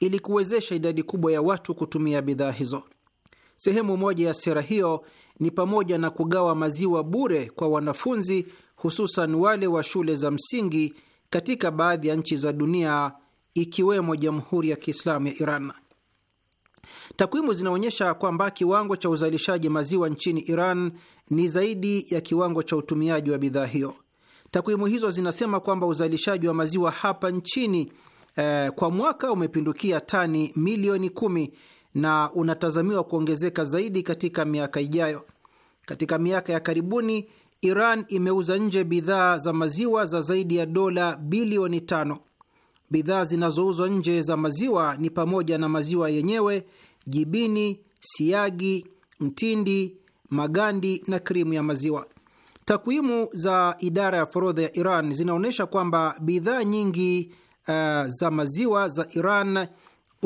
ili kuwezesha idadi kubwa ya watu kutumia bidhaa hizo. Sehemu moja ya sera hiyo ni pamoja na kugawa maziwa bure kwa wanafunzi, hususan wale wa shule za msingi katika baadhi ya nchi za dunia ikiwemo Jamhuri ya Kiislamu ya Iran. Takwimu zinaonyesha kwamba kiwango cha uzalishaji maziwa nchini Iran ni zaidi ya kiwango cha utumiaji wa bidhaa hiyo. Takwimu hizo zinasema kwamba uzalishaji wa maziwa hapa nchini eh, kwa mwaka umepindukia tani milioni kumi na unatazamiwa kuongezeka zaidi katika miaka ijayo. Katika miaka ya karibuni Iran imeuza nje bidhaa za maziwa za zaidi ya dola bilioni tano Bidhaa zinazouzwa nje za maziwa ni pamoja na maziwa yenyewe, jibini, siagi, mtindi, magandi na krimu ya maziwa. Takwimu za idara ya forodha ya Iran zinaonyesha kwamba bidhaa nyingi uh, za maziwa za Iran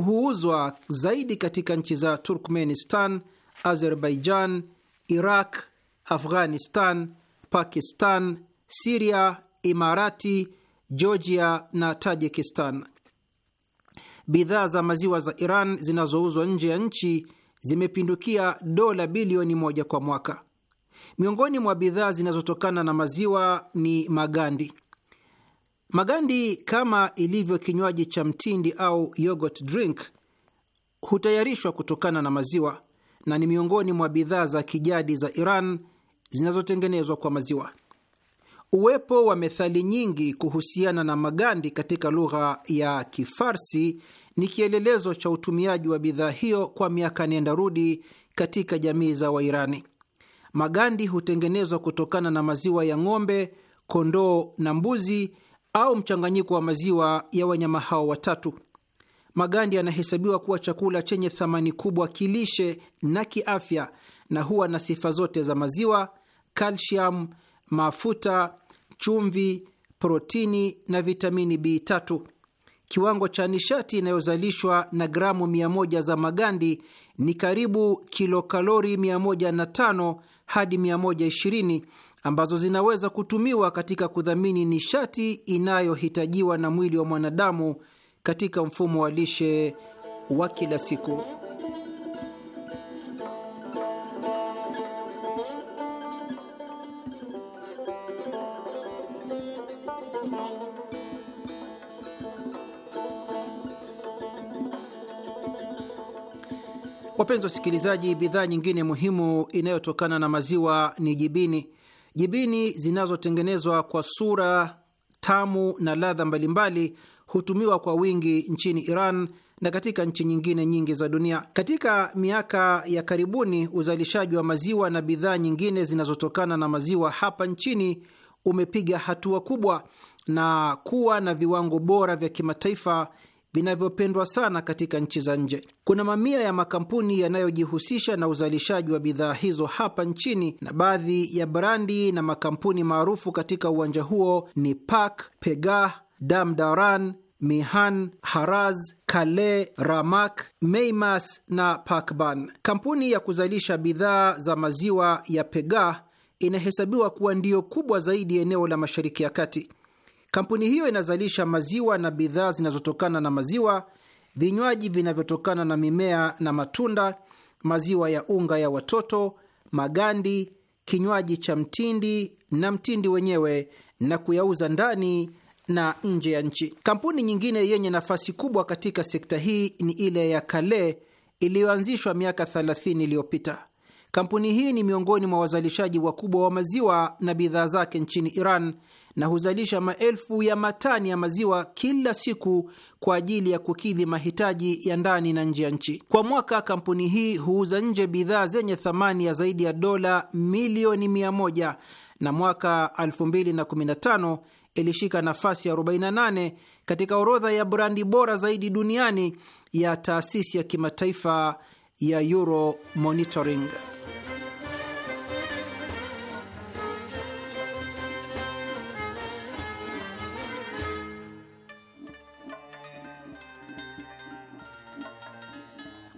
huuzwa zaidi katika nchi za Turkmenistan, Azerbaijan, Iraq, Afghanistan, Pakistan, Siria, Imarati, Georgia na Tajikistan. Bidhaa za maziwa za Iran zinazouzwa nje ya nchi zimepindukia dola bilioni moja kwa mwaka. Miongoni mwa bidhaa zinazotokana na maziwa ni magandi. Magandi, kama ilivyo kinywaji cha mtindi au yogurt drink, hutayarishwa kutokana na maziwa na ni miongoni mwa bidhaa za kijadi za Iran zinazotengenezwa kwa maziwa. Uwepo wa methali nyingi kuhusiana na magandi katika lugha ya Kifarsi ni kielelezo cha utumiaji wa bidhaa hiyo kwa miaka nenda rudi katika jamii za Wairani. Magandi hutengenezwa kutokana na maziwa ya ng'ombe, kondoo na mbuzi au mchanganyiko wa maziwa ya wanyama hao watatu. Magandi yanahesabiwa kuwa chakula chenye thamani kubwa kilishe na kiafya, na huwa na sifa zote za maziwa, kalsiamu, mafuta chumvi, protini na vitamini B3. Kiwango cha nishati inayozalishwa na gramu 100 za magandi ni karibu kilokalori 105 hadi 120 ambazo zinaweza kutumiwa katika kudhamini nishati inayohitajiwa na mwili wa mwanadamu katika mfumo wa lishe wa kila siku. Wapenzi wasikilizaji, bidhaa nyingine muhimu inayotokana na maziwa ni jibini. Jibini zinazotengenezwa kwa sura tamu na ladha mbalimbali hutumiwa kwa wingi nchini Iran na katika nchi nyingine nyingi za dunia. Katika miaka ya karibuni, uzalishaji wa maziwa na bidhaa nyingine zinazotokana na maziwa hapa nchini umepiga hatua kubwa na kuwa na viwango bora vya kimataifa vinavyopendwa sana katika nchi za nje. Kuna mamia ya makampuni yanayojihusisha na uzalishaji wa bidhaa hizo hapa nchini, na baadhi ya brandi na makampuni maarufu katika uwanja huo ni Pak, Pegah, Damdaran, Mihan, Haraz, Kale, Ramak, Meimas na Pakban. Kampuni ya kuzalisha bidhaa za maziwa ya Pegah inahesabiwa kuwa ndiyo kubwa zaidi eneo la Mashariki ya Kati. Kampuni hiyo inazalisha maziwa na bidhaa zinazotokana na maziwa, vinywaji vinavyotokana na mimea na matunda, maziwa ya unga ya watoto, magandi, kinywaji cha mtindi na mtindi wenyewe na kuyauza ndani na nje ya nchi. Kampuni nyingine yenye nafasi kubwa katika sekta hii ni ile ya Kale iliyoanzishwa miaka 30 iliyopita. Kampuni hii ni miongoni mwa wazalishaji wakubwa wa maziwa na bidhaa zake nchini Iran na huzalisha maelfu ya matani ya maziwa kila siku kwa ajili ya kukidhi mahitaji ya ndani na nje ya nchi. Kwa mwaka, kampuni hii huuza nje bidhaa zenye thamani ya zaidi ya dola milioni 1 na mwaka 2015 ilishika nafasi ya 48 katika orodha ya brandi bora zaidi duniani ya taasisi ya kimataifa ya Euro Monitoring.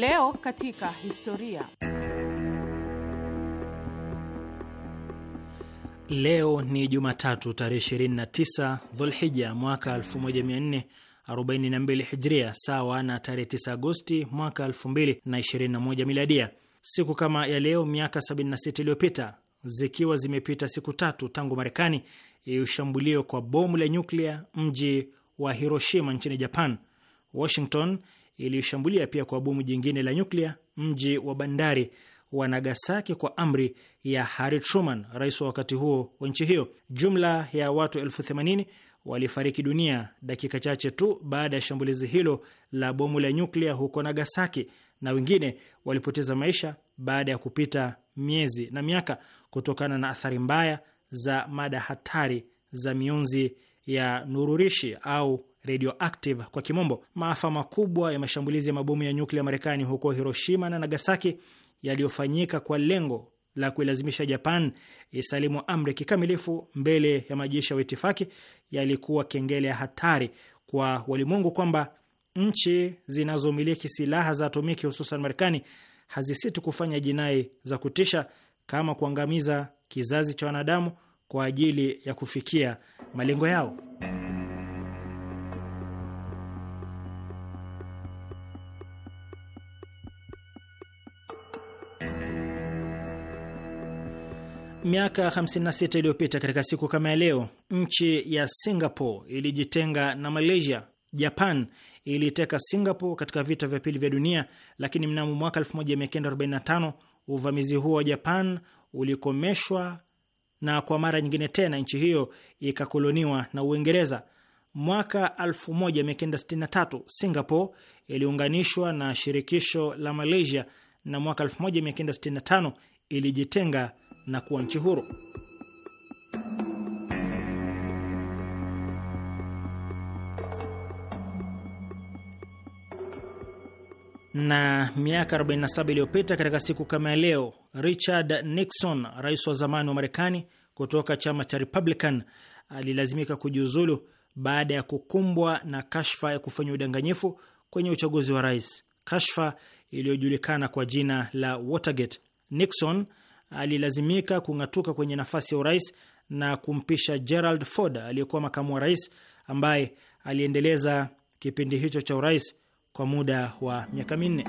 Leo katika historia. Leo ni Jumatatu tarehe 29 Dhulhija mwaka 1442 Hijria, sawa na tarehe 9 Agosti mwaka 2021 Miladia. Siku kama ya leo miaka 76 iliyopita, zikiwa zimepita siku tatu tangu Marekani iushambulio kwa bomu la nyuklia mji wa Hiroshima nchini Japan, Washington ilishambulia pia kwa bomu jingine la nyuklia mji wa bandari wa Nagasaki kwa amri ya Harry Truman, rais wa wakati huo wa nchi hiyo. Jumla ya watu elfu themanini walifariki dunia dakika chache tu baada ya shambulizi hilo la bomu la nyuklia huko Nagasaki, na wengine walipoteza maisha baada ya kupita miezi na miaka kutokana na athari mbaya za mada hatari za mionzi ya nururishi au radioactive kwa kimombo. Maafa makubwa ya mashambulizi ya mabomu ya nyuklia Marekani huko Hiroshima na Nagasaki yaliyofanyika kwa lengo la kuilazimisha Japan isalimu amri kikamilifu mbele ya majeshi ya itifaki yalikuwa kengele ya hatari kwa walimwengu kwamba nchi zinazomiliki silaha za atomiki hususan Marekani hazisiti kufanya jinai za kutisha kama kuangamiza kizazi cha wanadamu kwa ajili ya kufikia malengo yao. Miaka 56 iliyopita katika siku kama ya leo, nchi ya Singapore ilijitenga na Malaysia. Japan iliteka Singapore katika vita vya pili vya dunia, lakini mnamo mwaka 1945 uvamizi huo wa Japan ulikomeshwa na kwa mara nyingine tena nchi hiyo ikakoloniwa na Uingereza. Mwaka 1963 Singapore iliunganishwa na shirikisho la Malaysia, na mwaka 1965 ilijitenga na kuwa nchi huru. Na miaka 47 iliyopita katika siku kama ya leo, Richard Nixon, rais wa zamani wa Marekani kutoka chama cha Republican, alilazimika kujiuzulu baada ya kukumbwa na kashfa ya kufanya udanganyifu kwenye uchaguzi wa rais, kashfa iliyojulikana kwa jina la Watergate. Nixon alilazimika kung'atuka kwenye nafasi ya urais na kumpisha Gerald Ford aliyekuwa makamu wa rais, ambaye aliendeleza kipindi hicho cha urais kwa muda wa miaka minne.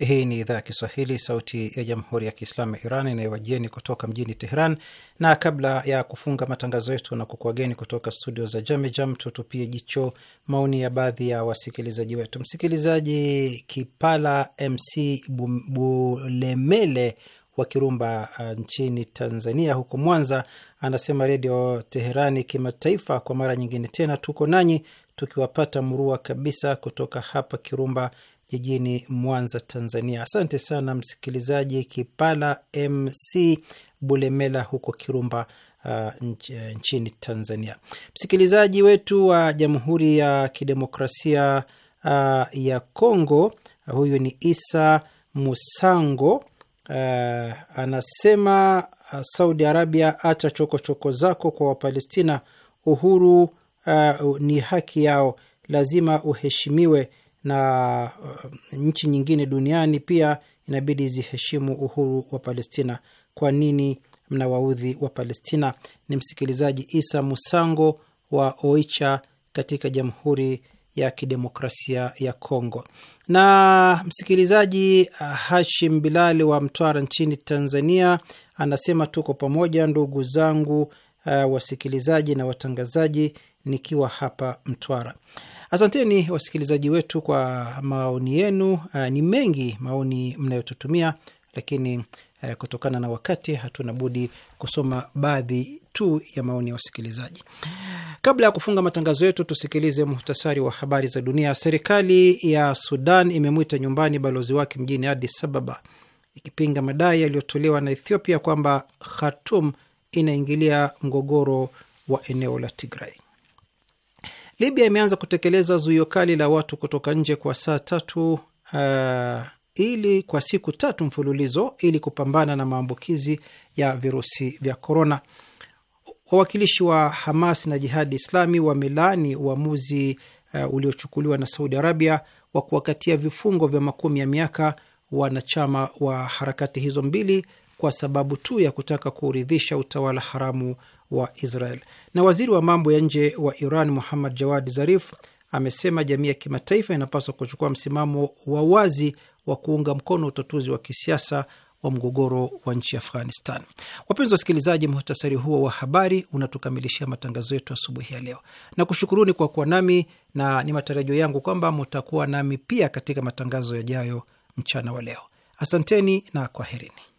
Hii ni idhaa ya Kiswahili, sauti ya jamhuri ya kiislamu ya Iran inayowajieni kutoka mjini Teheran. Na kabla ya kufunga matangazo yetu na kukuageni kutoka studio za Jamejam, tutupie jicho maoni ya baadhi ya wasikilizaji wetu. Msikilizaji Kipala MC Bulemele wa Kirumba uh, nchini Tanzania, huko Mwanza, anasema Redio Teherani Kimataifa, kwa mara nyingine tena tuko nanyi tukiwapata mrua kabisa kutoka hapa Kirumba jijini Mwanza, Tanzania. Asante sana msikilizaji Kipala MC Bulemela huko Kirumba, uh, uh, nchini Tanzania. Msikilizaji wetu wa Jamhuri ya Kidemokrasia uh, ya Kongo, uh, huyu ni Isa Musango. Uh, anasema uh, Saudi Arabia, acha chokochoko zako kwa Wapalestina. Uhuru uh, ni haki yao, lazima uheshimiwe na uh, nchi nyingine duniani pia inabidi ziheshimu uhuru wa Palestina. Kwa nini mnawaudhi wa Palestina? Ni msikilizaji Isa Musango wa Oicha katika Jamhuri ya Kidemokrasia ya Kongo, na msikilizaji uh, Hashim Bilali wa Mtwara nchini Tanzania anasema tuko pamoja ndugu zangu, uh, wasikilizaji na watangazaji, nikiwa hapa Mtwara. Asanteni wasikilizaji wetu kwa maoni yenu. Uh, ni mengi maoni mnayotutumia, lakini uh, kutokana na wakati hatuna budi kusoma baadhi tu ya maoni ya wasikilizaji. Kabla ya kufunga matangazo yetu, tusikilize muhtasari wa habari za dunia. Serikali ya Sudan imemwita nyumbani balozi wake mjini Addis Ababa ikipinga madai yaliyotolewa na Ethiopia kwamba khatum inaingilia mgogoro wa eneo la Tigray. Libya imeanza kutekeleza zuio kali la watu kutoka nje kwa saa tatu uh, ili kwa siku tatu mfululizo ili kupambana na maambukizi ya virusi vya korona. Wawakilishi wa Hamas na Jihadi Islami wamelaani uamuzi uh, uliochukuliwa na Saudi Arabia wa kuwakatia vifungo vya makumi ya miaka wanachama wa harakati hizo mbili kwa sababu tu ya kutaka kuuridhisha utawala haramu wa Israel. Na waziri wa mambo ya nje wa Iran Muhammad Jawad Zarif amesema jamii ya kimataifa inapaswa kuchukua msimamo wa wazi wa kuunga mkono utatuzi wa kisiasa wa mgogoro wa nchi Afghanistan. Wapenzi wasikilizaji, muhtasari huo wa habari unatukamilishia matangazo yetu asubuhi ya leo, na kushukuruni kwa kuwa nami, na ni matarajio yangu kwamba mutakuwa nami pia katika matangazo yajayo mchana wa leo. Asanteni na kwaherini.